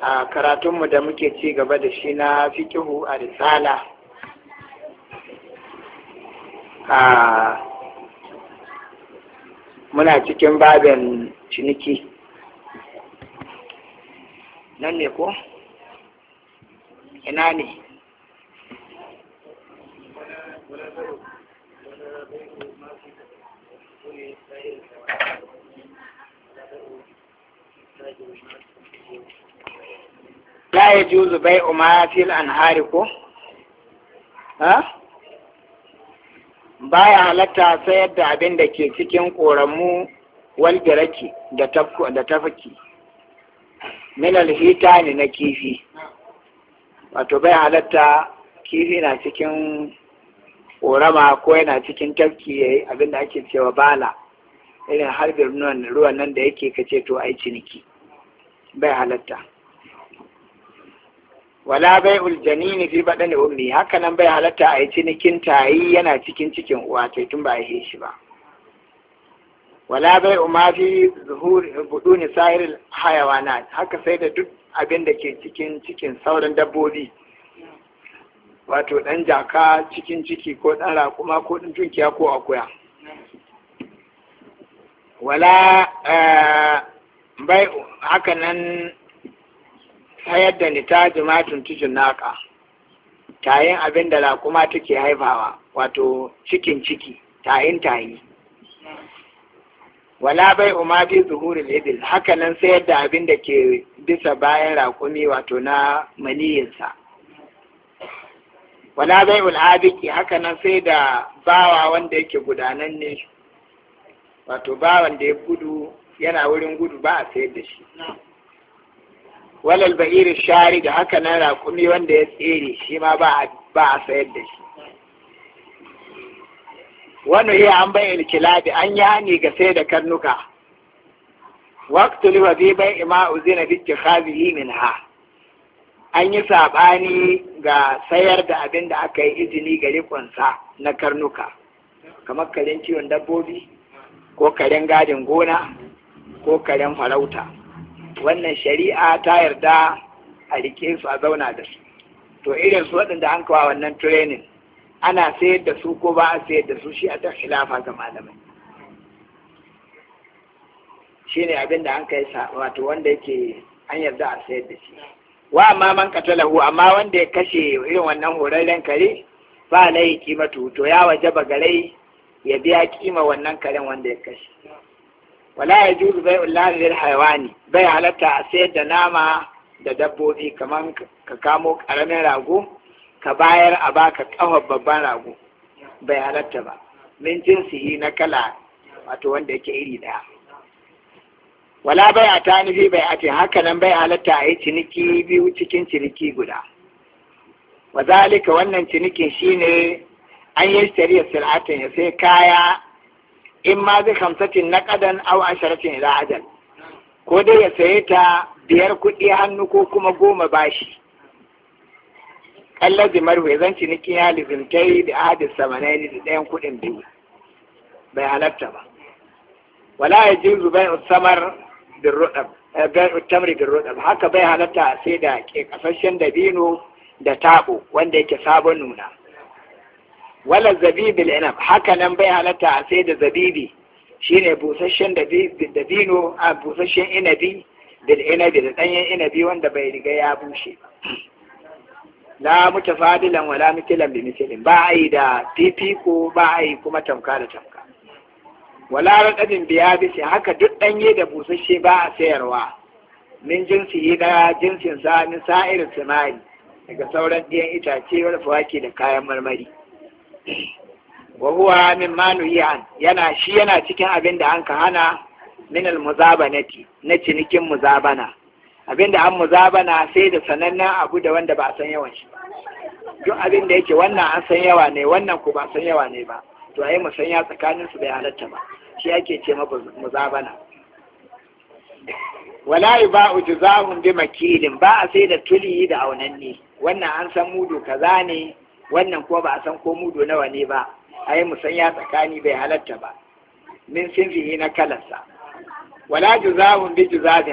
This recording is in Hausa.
a karatunmu da muke ci gaba da shi na fikihu a risala a muna cikin babin ciniki nan ne ko ina ne Thank you. la ya juzu bai umar fil anhari ko ha baya halatta sayar da abin da ke cikin koramu walgaraki da tafaki minal hita ne na kifi wato bai halatta kifi na cikin korama ko yana cikin tafki ya yi abin da ake cewa bala irin harbin ruwan nan da yake kace to ai ciniki bai halatta wala bai uljanini fi baɗani ummi haka nan bai halatta a yi cinikin tayi yana cikin cikin uwa tun ba a yi shi ba wala bai umma fi buɗu ni sa'ir hayawana haka sai da duk abin da ke cikin cikin sauran dabbobi wato ɗan jaka cikin ciki ko ɗan raƙuma ko tunkiya ko akuya wala eh, bai haka nan hayar da nita jimatun tijin naka tayin abin da raƙuma take haifawa wato cikin ciki tayin tayi wala bai umma bi zuhuril ibil haka nan sai da abin da ke bisa bayan raƙumi wato na maniyinsa wala bai ul'abiki haka nan sai da bawa wanda yake gudanan ne wato bawan da ya gudu yana wurin gudu ba a sayar da shi walal irin shari da haka na raƙumi wanda ya tsere shi ma ba a sayar da shi wani iya an bai kilabi an yi hani ga sai da karnuka waktu liwa zai bai ima uzina bitti yi min ha an yi saɓani ga sayar da abin da aka yi izini ga rikonsa na karnuka kamar karen ciwon dabbobi ko karen gadin gona ko karen farauta wannan shari'a ta yarda a rike su a zauna da su to irin su waɗanda an kawo wannan training ana sayar da su ko ba a sayar da su shi a tafi lafa ga malamai shi abin da an kai wato wanda yake an yarda a sayar da shi wa amma man qatalahu amma wanda ya kashe irin wannan horarren kare ba lai kimatu to ya waje garai ya biya kima wannan karen wanda ya kashe wala ya juzu bai ullari lil hayawani bai halatta a sayar da nama da dabbobi kamar ka kamo karamin rago ka bayar a baka kawar babban rago bai halatta ba min yi na kala wato wanda yake iri daya wala bai a ta nufi bai a ce haka nan bai halatta a yi ciniki biyu cikin ciniki guda wazalika wannan cinikin shine an yi shari'a sil'atin ya sai kaya in ma zai hamsatin na kadan an sharafi ne ajal ko dai ya saye ta biyar kuɗi hannu ko kuma goma bashi kallar zimar zan ciniki ya lizimtai da ahadin samanai da ɗayan kuɗin biyu bai halatta ba wala ya ji zubai samar eh, tamri bin rudab haka bai halatta sai da ke kasashen dabino da taɓo, wanda yake sabon nuna wala zabibil inab haka nan bai halatta a sai da zabibi shine busasshen dabino a busasshen inabi bil inabi da danyen inabi wanda bai riga ya bushe la mutafadilan wala mitilan bi mitilin ba a yi da fifiko ba a yi kuma tamka da tamka wala raɗaɗin biya bisi haka duk ɗanye da busasshe ba a sayarwa min jinsi yi jinsin sa min sa'irin simari daga sauran ɗiyan itace wani fawaki da kayan marmari wa huwa min manu an yana shi yana cikin abin da an ka hana min muzabanati na cinikin muzabana abin da an muzabana sai da sanannen abu da wanda ba san yawan shi duk abin da yake wannan an san yawa ne wannan ko ba san yawa ne ba to ayi ya tsakanin su bai halatta ba shi ake ce ma muzabana wala yuba'u juzahum bi makilin ba a sai da tuli da aunanni wannan an san mudu kaza ne wannan ko ba a san ko Mudo nawa ne ba a yi musanya tsakani bai halatta ba min sinfihi na kalarsa wala juza'un bi juzazi